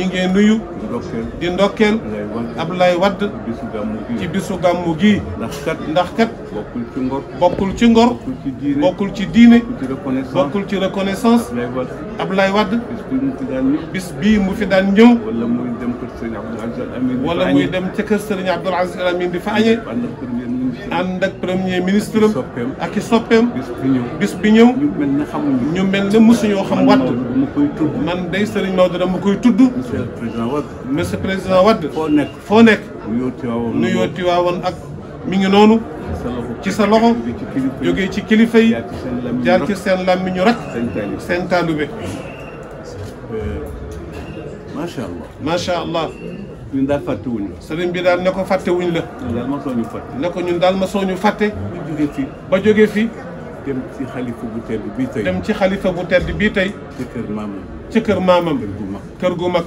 ñi ngee nuyu di ndokkeel Abdoulaye ci bisu gàmmu gi ndax kat ndax kat bokkul ci ngor bokkul ci ngor. bokkul ci diine bokkul ci reconnaissance Abdoulaye Wade bis bi mu fi daan ñëw. wala muy dem kër Serigne Abdoul Aziz Al Amine dem ca kër Serigne Abdoul Aziz di fa añee. ànd ak premier ministre am ak i soppeem bis bi ñëw ñu mel na xamuñu ñu xam watt man day Serigne Maodo dama koy tudd monsieur le président Wade foo nekk foo nekk nuyoo ak mi ngi noonu ci sa loxo jógee ci kilifa yi jaar ci seen làmmiñu rak seen taalube macha allah macha allah. ñun daal fàttewuñ la. sëriñ bi daal ne ko fàttewuñ la. ñu ne ko ñun daal ma soo ñu fàtte. ba jógee fii ba jógee fii. dem ci xalifa bu tedd bii tey. dem ci kër maamam. kër gu mag.